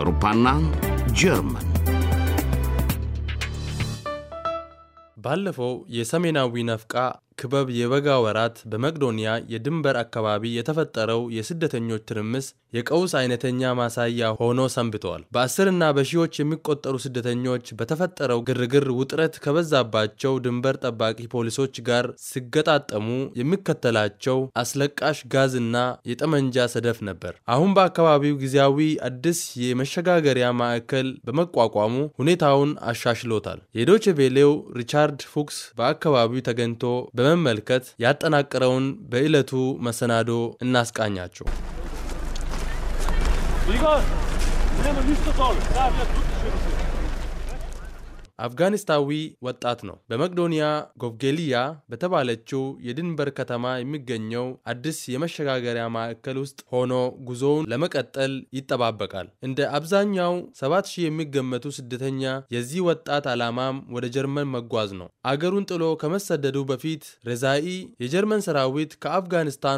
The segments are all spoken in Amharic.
አውሮፓና ጀርመን ባለፈው የሰሜናዊ ነፍቃ ክበብ የበጋ ወራት በመቅዶንያ የድንበር አካባቢ የተፈጠረው የስደተኞች ትርምስ የቀውስ አይነተኛ ማሳያ ሆኖ ሰንብተዋል። በአስርና በሺዎች የሚቆጠሩ ስደተኞች በተፈጠረው ግርግር ውጥረት ከበዛባቸው ድንበር ጠባቂ ፖሊሶች ጋር ሲገጣጠሙ የሚከተላቸው አስለቃሽ ጋዝና የጠመንጃ ሰደፍ ነበር። አሁን በአካባቢው ጊዜያዊ አዲስ የመሸጋገሪያ ማዕከል በመቋቋሙ ሁኔታውን አሻሽሎታል። የዶችቬሌው ሪቻርድ ፉክስ በአካባቢው ተገኝቶ በመመልከት ያጠናቀረውን በዕለቱ መሰናዶ እናስቃኛቸው። አፍጋኒስታዊ ወጣት ነው። በመቅዶኒያ ጎብጌልያ በተባለችው የድንበር ከተማ የሚገኘው አዲስ የመሸጋገሪያ ማዕከል ውስጥ ሆኖ ጉዞውን ለመቀጠል ይጠባበቃል። እንደ አብዛኛው 7000 የሚገመቱ ስደተኛ የዚህ ወጣት ዓላማም ወደ ጀርመን መጓዝ ነው። አገሩን ጥሎ ከመሰደዱ በፊት ረዛኢ የጀርመን ሰራዊት ከአፍጋኒስታኗ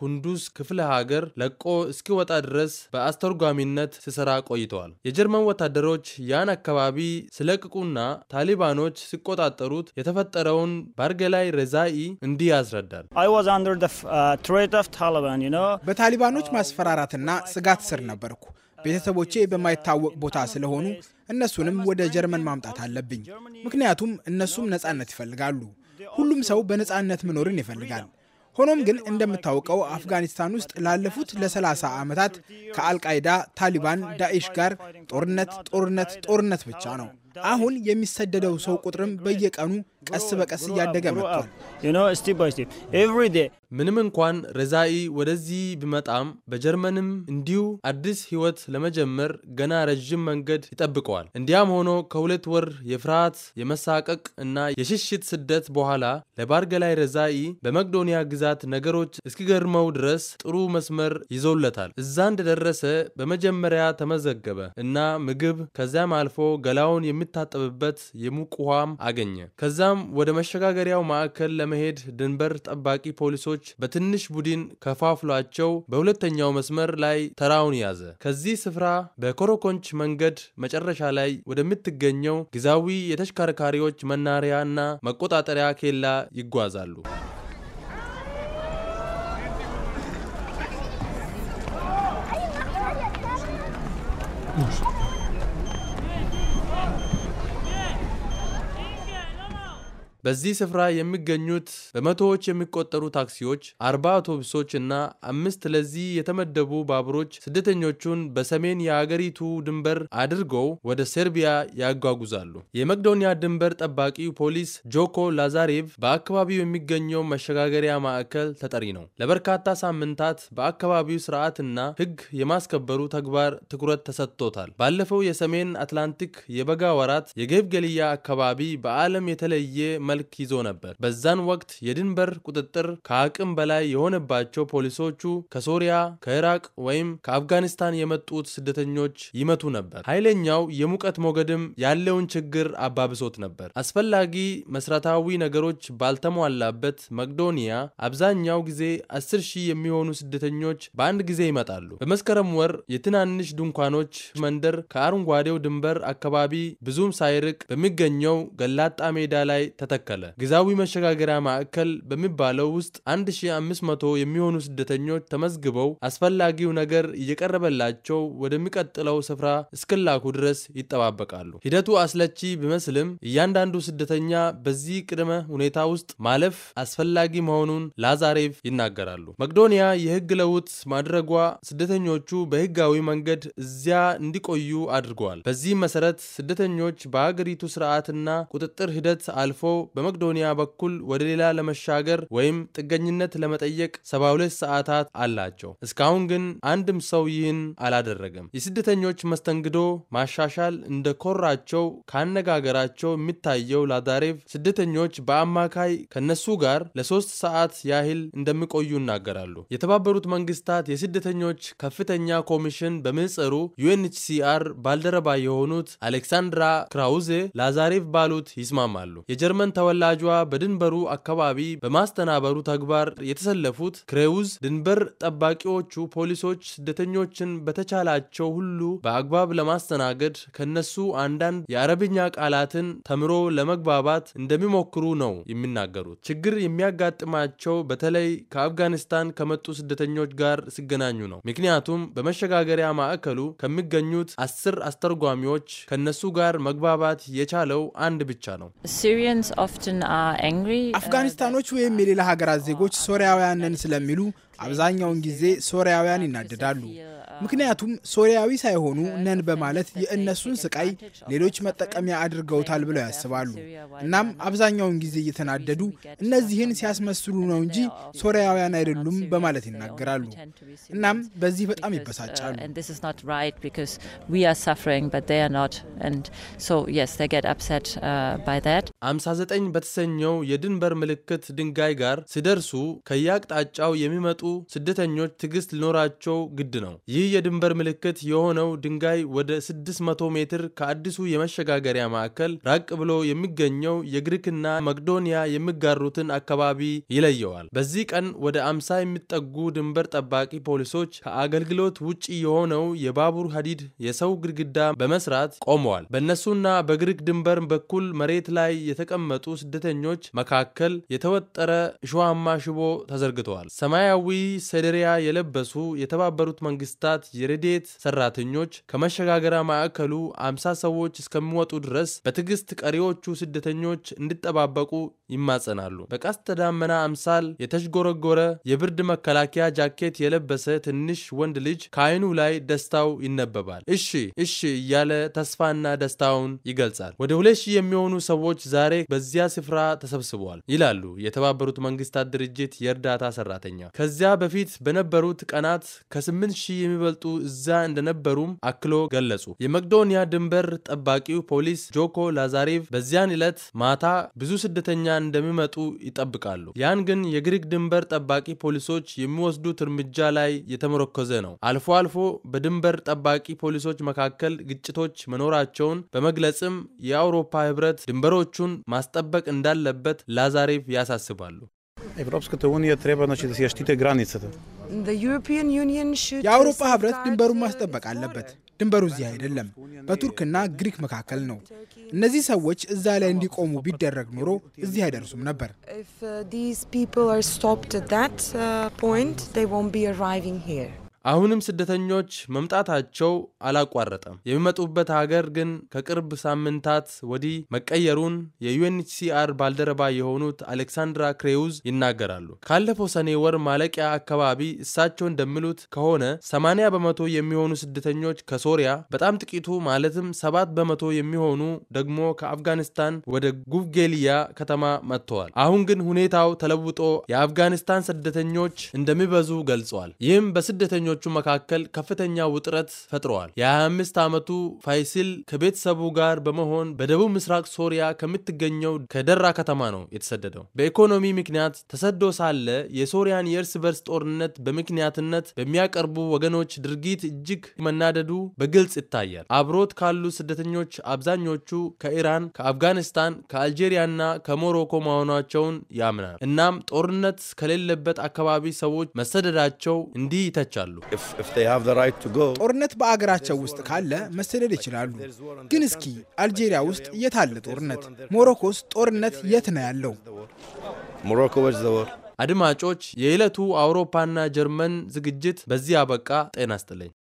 ኩንዱስ ክፍለ ሀገር ለቆ እስኪወጣ ድረስ በአስተርጓሚነት ሲሰራ ቆይተዋል። የጀርመን ወታደሮች ያን አካባቢ ስለቅቁና ታሊባኖች ሲቆጣጠሩት የተፈጠረውን ባርገላይ ረዛኢ እንዲህ ያስረዳል። uh, በታሊባኖች ማስፈራራትና ስጋት ስር ነበርኩ። ቤተሰቦቼ በማይታወቅ ቦታ ስለሆኑ እነሱንም ወደ ጀርመን ማምጣት አለብኝ። ምክንያቱም እነሱም ነፃነት ይፈልጋሉ። ሁሉም ሰው በነፃነት መኖርን ይፈልጋል። ሆኖም ግን እንደምታውቀው አፍጋኒስታን ውስጥ ላለፉት ለ30 ዓመታት ከአልቃይዳ፣ ታሊባን፣ ዳኢሽ ጋር ጦርነት ጦርነት ጦርነት ብቻ ነው። አሁን የሚሰደደው ሰው ቁጥርም በየቀኑ ቀስ በቀስ እያደገ መጥቷል። ምንም እንኳን ረዛኢ ወደዚህ ቢመጣም በጀርመንም እንዲሁ አዲስ ሕይወት ለመጀመር ገና ረዥም መንገድ ይጠብቀዋል። እንዲያም ሆኖ ከሁለት ወር የፍርሃት የመሳቀቅ እና የሽሽት ስደት በኋላ ለባርገላይ ረዛኢ በመቅዶኒያ ግዛት ነገሮች እስኪገርመው ድረስ ጥሩ መስመር ይዞለታል። እዛ እንደደረሰ በመጀመሪያ ተመዘገበ እና ምግብ፣ ከዚያም አልፎ ገላውን የሚታጠብበት የሙቅ ውሃም አገኘ። ከዛም ከዚያም ወደ መሸጋገሪያው ማዕከል ለመሄድ ድንበር ጠባቂ ፖሊሶች በትንሽ ቡድን ከፋፍሏቸው በሁለተኛው መስመር ላይ ተራውን ያዘ። ከዚህ ስፍራ በኮረኮንች መንገድ መጨረሻ ላይ ወደምትገኘው ጊዜያዊ የተሽከርካሪዎች መናሪያ እና መቆጣጠሪያ ኬላ ይጓዛሉ። በዚህ ስፍራ የሚገኙት በመቶዎች የሚቆጠሩ ታክሲዎች፣ አርባ አውቶቡሶች እና አምስት ለዚህ የተመደቡ ባቡሮች ስደተኞቹን በሰሜን የአገሪቱ ድንበር አድርገው ወደ ሴርቢያ ያጓጉዛሉ። የመቅዶኒያ ድንበር ጠባቂ ፖሊስ ጆኮ ላዛሬቭ በአካባቢው የሚገኘው መሸጋገሪያ ማዕከል ተጠሪ ነው። ለበርካታ ሳምንታት በአካባቢው ስርዓትና ሕግ የማስከበሩ ተግባር ትኩረት ተሰጥቶታል። ባለፈው የሰሜን አትላንቲክ የበጋ ወራት የገብገልያ አካባቢ በዓለም የተለየ መልክ ይዞ ነበር። በዛን ወቅት የድንበር ቁጥጥር ከአቅም በላይ የሆነባቸው ፖሊሶቹ ከሶሪያ፣ ከኢራቅ ወይም ከአፍጋኒስታን የመጡት ስደተኞች ይመቱ ነበር። ኃይለኛው የሙቀት ሞገድም ያለውን ችግር አባብሶት ነበር። አስፈላጊ መሰረታዊ ነገሮች ባልተሟላበት መቅዶኒያ አብዛኛው ጊዜ አስር ሺህ የሚሆኑ ስደተኞች በአንድ ጊዜ ይመጣሉ። በመስከረም ወር የትናንሽ ድንኳኖች መንደር ከአረንጓዴው ድንበር አካባቢ ብዙም ሳይርቅ በሚገኘው ገላጣ ሜዳ ላይ ተተ። ተከለ ጊዜያዊ መሸጋገሪያ ማዕከል በሚባለው ውስጥ 1500 የሚሆኑ ስደተኞች ተመዝግበው አስፈላጊው ነገር እየቀረበላቸው ወደሚቀጥለው ስፍራ እስክላኩ ድረስ ይጠባበቃሉ። ሂደቱ አስለቺ ቢመስልም እያንዳንዱ ስደተኛ በዚህ ቅድመ ሁኔታ ውስጥ ማለፍ አስፈላጊ መሆኑን ላዛሬቭ ይናገራሉ። መቅዶኒያ የህግ ለውጥ ማድረጓ ስደተኞቹ በህጋዊ መንገድ እዚያ እንዲቆዩ አድርገዋል። በዚህ መሰረት ስደተኞች በአገሪቱ ስርዓትና ቁጥጥር ሂደት አልፎ በመቅዶኒያ በኩል ወደ ሌላ ለመሻገር ወይም ጥገኝነት ለመጠየቅ 72 ሰዓታት አላቸው። እስካሁን ግን አንድም ሰው ይህን አላደረገም። የስደተኞች መስተንግዶ ማሻሻል እንደኮራቸው ካነጋገራቸው የሚታየው ላዛሬቭ ስደተኞች በአማካይ ከነሱ ጋር ለሶስት ሰዓት ያህል እንደሚቆዩ ይናገራሉ። የተባበሩት መንግስታት የስደተኞች ከፍተኛ ኮሚሽን በምህጻሩ ዩኤንኤችሲአር ባልደረባ የሆኑት አሌክሳንድራ ክራውዜ ላዛሬቭ ባሉት ይስማማሉ። የጀርመን ተወላጇ በድንበሩ አካባቢ በማስተናበሩ ተግባር የተሰለፉት ክሬውዝ ድንበር ጠባቂዎቹ ፖሊሶች ስደተኞችን በተቻላቸው ሁሉ በአግባብ ለማስተናገድ ከነሱ አንዳንድ የአረብኛ ቃላትን ተምሮ ለመግባባት እንደሚሞክሩ ነው የሚናገሩት። ችግር የሚያጋጥማቸው በተለይ ከአፍጋኒስታን ከመጡ ስደተኞች ጋር ሲገናኙ ነው። ምክንያቱም በመሸጋገሪያ ማዕከሉ ከሚገኙት አስር አስተርጓሚዎች ከነሱ ጋር መግባባት የቻለው አንድ ብቻ ነው። Uh, አፍጋኒስታኖች ወይም የሌላ ሀገራት ዜጎች ሶሪያውያንን ስለሚሉ አብዛኛውን ጊዜ ሶሪያውያን ይናደዳሉ። ምክንያቱም ሶሪያዊ ሳይሆኑ ነን በማለት የእነሱን ስቃይ ሌሎች መጠቀሚያ አድርገውታል ብለው ያስባሉ። እናም አብዛኛውን ጊዜ እየተናደዱ እነዚህን ሲያስመስሉ ነው እንጂ ሶሪያውያን አይደሉም በማለት ይናገራሉ። እናም በዚህ በጣም ይበሳጫሉ። አምሳ uh, ዘጠኝ በተሰኘው የድንበር ምልክት ድንጋይ ጋር ሲደርሱ ከየአቅጣጫው የሚመጡ ስደተኞች ትዕግስት ሊኖራቸው ግድ ነው። ይህ የድንበር ምልክት የሆነው ድንጋይ ወደ 600 ሜትር ከአዲሱ የመሸጋገሪያ ማዕከል ራቅ ብሎ የሚገኘው የግሪክና መቅዶኒያ የሚጋሩትን አካባቢ ይለየዋል። በዚህ ቀን ወደ አምሳ የሚጠጉ ድንበር ጠባቂ ፖሊሶች ከአገልግሎት ውጭ የሆነው የባቡር ሀዲድ የሰው ግድግዳ በመስራት ቆመዋል። በእነሱና በግሪክ ድንበር በኩል መሬት ላይ የተቀመጡ ስደተኞች መካከል የተወጠረ እሾሃማ ሽቦ ተዘርግተዋል። ሰማያዊ ሰደሪያ የለበሱ የተባበሩት መንግስታት የረዴት ሰራተኞች ከመሸጋገሪያ ማዕከሉ አምሳ ሰዎች እስከሚወጡ ድረስ በትዕግስት ቀሪዎቹ ስደተኞች እንዲጠባበቁ ይማጸናሉ። በቀስተ ደመና አምሳል የተዥጎረጎረ የብርድ መከላከያ ጃኬት የለበሰ ትንሽ ወንድ ልጅ ከዓይኑ ላይ ደስታው ይነበባል። እሺ እሺ እያለ ተስፋና ደስታውን ይገልጻል። ወደ ሁለት ሺህ የሚሆኑ ሰዎች ዛሬ በዚያ ስፍራ ተሰብስበዋል ይላሉ የተባበሩት መንግስታት ድርጅት የእርዳታ ሰራተኛ ከዚያ ከዚያ በፊት በነበሩት ቀናት ከ8 ሺህ የሚበልጡ እዛ እንደነበሩም አክሎ ገለጹ። የመቅዶኒያ ድንበር ጠባቂው ፖሊስ ጆኮ ላዛሬቭ በዚያን ዕለት ማታ ብዙ ስደተኛ እንደሚመጡ ይጠብቃሉ። ያን ግን የግሪክ ድንበር ጠባቂ ፖሊሶች የሚወስዱት እርምጃ ላይ የተመረኮዘ ነው። አልፎ አልፎ በድንበር ጠባቂ ፖሊሶች መካከል ግጭቶች መኖራቸውን በመግለጽም የአውሮፓ ህብረት ድንበሮቹን ማስጠበቅ እንዳለበት ላዛሬቭ ያሳስባሉ። Европската уния трябва значи, да си я щите границата. የአውሮፓ ህብረት ድንበሩን ማስጠበቅ አለበት። ድንበሩ እዚህ አይደለም፣ በቱርክና ግሪክ መካከል ነው። እነዚህ ሰዎች እዛ ላይ እንዲቆሙ ቢደረግ ኖሮ እዚህ አይደርሱም ነበር። If uh, these people are stopped at that uh, point, they won't be arriving here. አሁንም ስደተኞች መምጣታቸው አላቋረጠም። የሚመጡበት ሀገር ግን ከቅርብ ሳምንታት ወዲህ መቀየሩን የዩኤንኤችሲአር ባልደረባ የሆኑት አሌክሳንድራ ክሬውዝ ይናገራሉ። ካለፈው ሰኔ ወር ማለቂያ አካባቢ እሳቸው እንደሚሉት ከሆነ 80 በመቶ የሚሆኑ ስደተኞች ከሶሪያ፣ በጣም ጥቂቱ ማለትም 7 በመቶ የሚሆኑ ደግሞ ከአፍጋኒስታን ወደ ጉብጌልያ ከተማ መጥተዋል። አሁን ግን ሁኔታው ተለውጦ የአፍጋኒስታን ስደተኞች እንደሚበዙ ገልጿል። ይህም በስደተኞ በሰራተኞቹ መካከል ከፍተኛ ውጥረት ፈጥረዋል። የ25 ዓመቱ ፋይሲል ከቤተሰቡ ጋር በመሆን በደቡብ ምስራቅ ሶሪያ ከምትገኘው ከደራ ከተማ ነው የተሰደደው። በኢኮኖሚ ምክንያት ተሰዶ ሳለ የሶሪያን የእርስ በርስ ጦርነት በምክንያትነት በሚያቀርቡ ወገኖች ድርጊት እጅግ መናደዱ በግልጽ ይታያል። አብሮት ካሉ ስደተኞች አብዛኞቹ ከኢራን፣ ከአፍጋኒስታን፣ ከአልጄሪያና ከሞሮኮ መሆናቸውን ያምናል። እናም ጦርነት ከሌለበት አካባቢ ሰዎች መሰደዳቸው እንዲህ ይተቻሉ። ጦርነት በአገራቸው ውስጥ ካለ መሰደድ ይችላሉ። ግን እስኪ አልጄሪያ ውስጥ የት አለ ጦርነት? ሞሮኮስ ጦርነት የት ነው ያለው? አድማጮች፣ የዕለቱ አውሮፓና ጀርመን ዝግጅት በዚህ አበቃ። ጤና ይስጥልኝ።